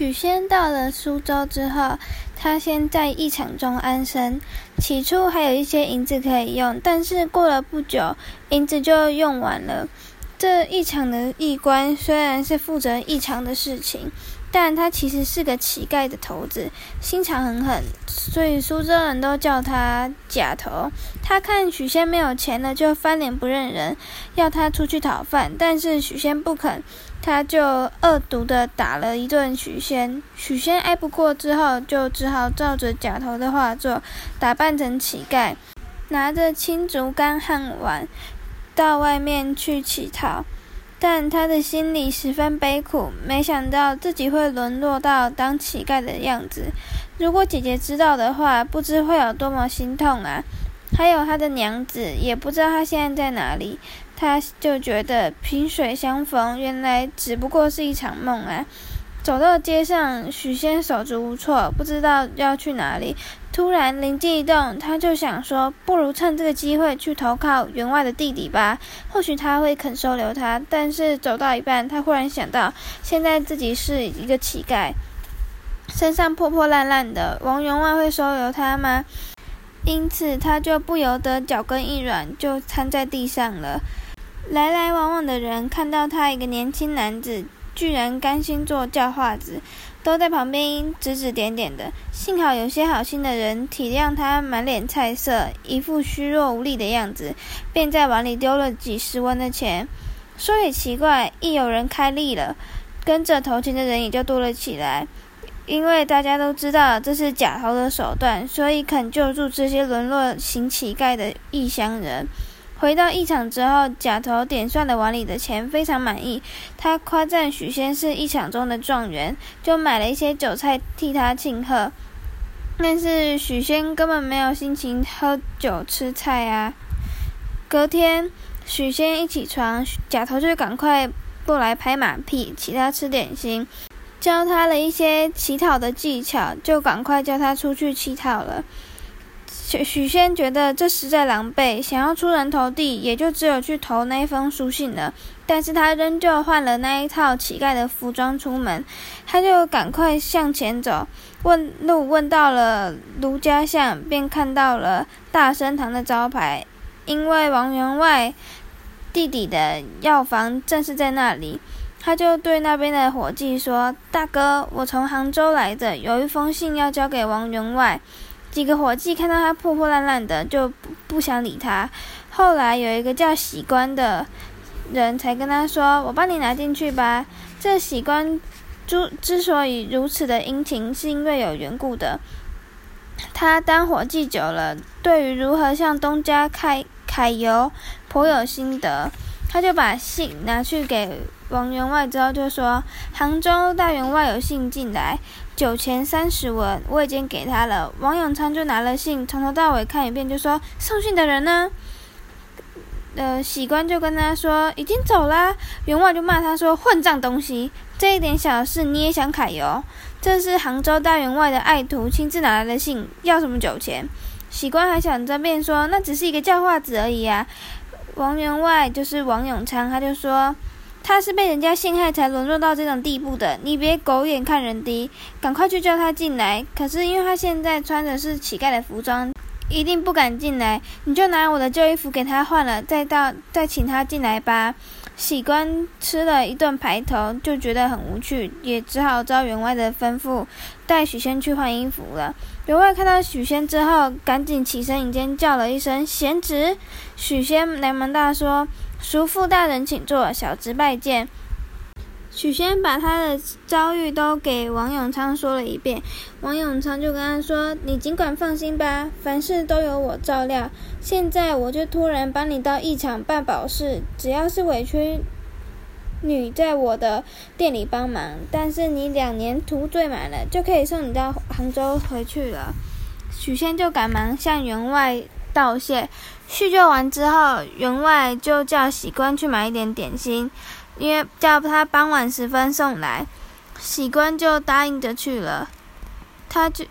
許仙到了蘇州之後，他先在異場中安身。起初還有一些銀子可以用，但是過了不久，銀子就用完了。這一場的義官雖然是負責異場的事情，但他其實是個乞丐的頭子，心腸很狠，狠，所以蘇州人都叫他假頭。他看許仙沒有錢了，就翻臉不認人，要他出去討飯，但是許仙不肯。他就惡毒地打了一頓許仙，許仙挨不過之後，就只好照着假頭的話做，打扮成乞丐，拿着青竹竿和碗，到外面去乞討。但他的心裡十分悲苦，沒想到自己會淪落到當乞丐的樣子。如果姐姐知道的話，不知會有多麼心痛啊！還有他的娘子，也不知道他現在在哪裡。他就覺得萍水相逢，原來只不過是一場夢啊！走到街上，許仙手足無措，不知道要去哪裡。突然靈機一動，他就想說，不如趁這個機會去投靠員外的弟弟吧，或許他會肯收留他。但是走到一半，他忽然想到，現在自己是一個乞丐，身上破破爛爛的，王員外會收留他嗎？因此，他就不由得腳跟一軟，就癱在地上了。來來往往的人看到他一個年輕男子居然甘心做叫花子，都在旁邊指指點點的。幸好有些好心的人體諒他滿臉菜色，一副虛弱無力的樣子，便在碗裡丟了幾十文的錢。說也奇怪，一有人開例了，跟着投錢的人也就多了起來。因為大家都知道這是假投的手段，所以肯救助這些淪落行乞丐的異鄉人。回到義場之後，賈頭點算了碗裡的錢，非常滿意，他誇讚許仙是義場中的狀元，就買了一些酒菜替他慶賀。但是許仙根本沒有心情喝酒吃菜啊。隔天，許仙一起床，賈頭就趕快過來拍馬屁，請他吃點心，教他了一些乞討的技巧，就趕快叫他出去乞討了。許許仙覺得這實在狼狽，想要出人頭地，也就只有去投那一封書信了。但是他仍舊換了那一套乞丐的服裝出門，他就趕快向前走，問路，問到了盧家巷，便看到了大生堂的招牌。因為王員外弟弟的藥房正是在那裡，他就對那邊的夥計說：“大哥，我從杭州來的，有一封信要交給王員外。”幾個夥計看到他破破爛爛的，就不不想理他。後來有一個叫喜官的人才跟他說：“我幫你拿進去吧。”這喜官，之之所以如此的殷勤，是因為有緣故的。他當夥計久了，對於如何向東家開揩油，頗有心得。他就把信拿去給。王員外之後就說：“杭州大員外有信進來，酒錢三十文，我已經給他了。”王永昌就拿了信，從頭到尾看一遍，就說：“送信的人呢？”呃，喜官就跟他說：“已經走了啊。”員外就罵他說：“混賬東西！這一點小事你也想揩油？這是杭州大員外的愛徒親自拿來的信，要什麼酒錢？”喜官還想着辯說：“那只是一個叫化子而已啊！”王員外就是王永昌，他就說。他是被人家陷害才淪落到這種地步的，你別狗眼看人低，趕快去叫他進來。可是因為他現在穿的是乞丐的服裝，一定不敢進來。你就拿我的舊衣服給他換了，再到再請他進來吧。喜官吃了一頓排頭，就覺得很無趣，也只好照員外的吩咐，帶許仙去換衣服了。員外看到許仙之後，趕緊起身迎接，叫了一聲“賢侄”。許仙連忙大說。叔父大人，請坐。小侄拜見。許仙把他的遭遇都給王永昌說了一遍，王永昌就跟他說：“你儘管放心吧，凡事都有我照料。現在我就突然幫你到一場辦保釋，只要是委屈你在我的店裡幫忙，但是你兩年徒罪滿了，就可以送你到杭州回去了。”許仙就趕忙向員外道謝，敘舊完之後，員外就叫喜官去買一點點心，因為叫他傍晚時分送來。喜官就答應着去了。他就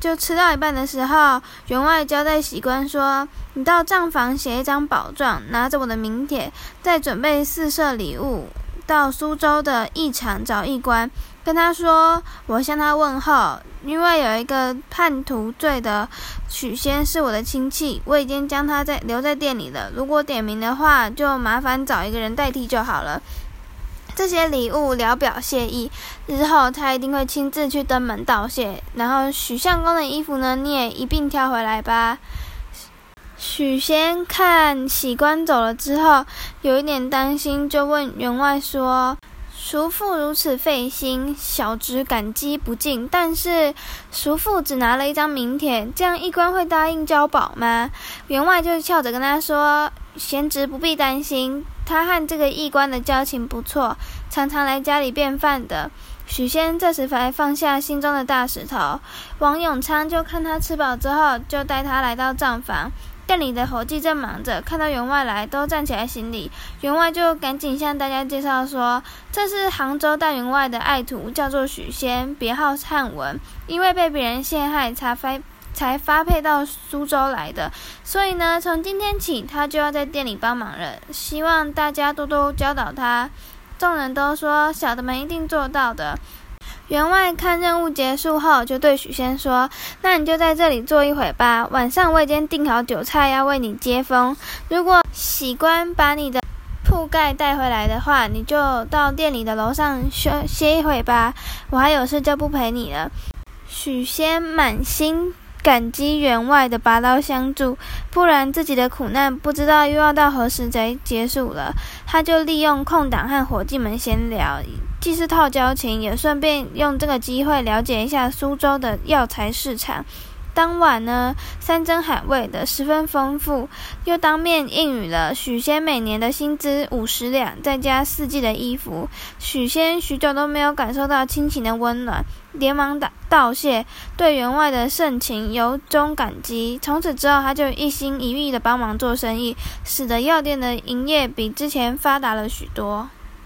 就吃到一半的時候，員外交代喜官說：“你到賬房寫一張保狀，拿着我的名帖，再準備四色禮物，到蘇州的驛場找驛官。”跟他說，我向他問候。因為有一個叛徒罪的許仙是我的親戚，我已經將他在留在店裡了。如果點名的話，就麻煩找一個人代替就好了。這些禮物聊表謝意，日後他一定會親自去登門道謝。然後許相公的衣服呢，你也一併挑回來吧。許仙看喜官走了之後，有一點擔心，就問員外說。叔父如此費心，小侄感激不盡。但是叔父只拿了一張名帖，這樣一官會答應交保嗎？員外就笑着跟他說：“賢侄不必擔心，他和這個一官的交情不錯，常常來家裡便飯的。”許仙這時才放下心中的大石頭。王永昌就看他吃飽之後，就帶他來到賬房。店裡的夥計正忙着，看到員外來，都站起來行禮。員外就趕緊向大家介紹說：“這是杭州大員外的愛徒，叫做許仙，別號漢文。因為被別人陷害，才發才發配到蘇州來的。所以呢，從今天起，他就要在店裡幫忙了。希望大家多多教導他。”眾人都說：“小的們一定做到的。”員外看任務結束後，就對許仙說：“那你就在這裡坐一會吧，晚上我已經訂好酒菜要為你接風。如果喜官把你的鋪蓋帶回來的話，你就到店裡的樓上歇歇一會吧。我還有事，就不陪你了。”許仙滿心感激員外的拔刀相助，不然自己的苦難不知道又要到何時才結束了。他就利用空檔和伙計們閒聊。既是套交情，也順便用這個機會了解一下蘇州的藥材市場。當晚呢，山珍海味的十分豐富，又當面應允了許仙每年的薪資五十兩，再加四季的衣服。許仙許久都沒有感受到親情的溫暖，連忙道道謝，對員外的盛情由衷感激。從此之後，他就一心一意的幫忙做生意，使得藥店的營業比之前發達了許多。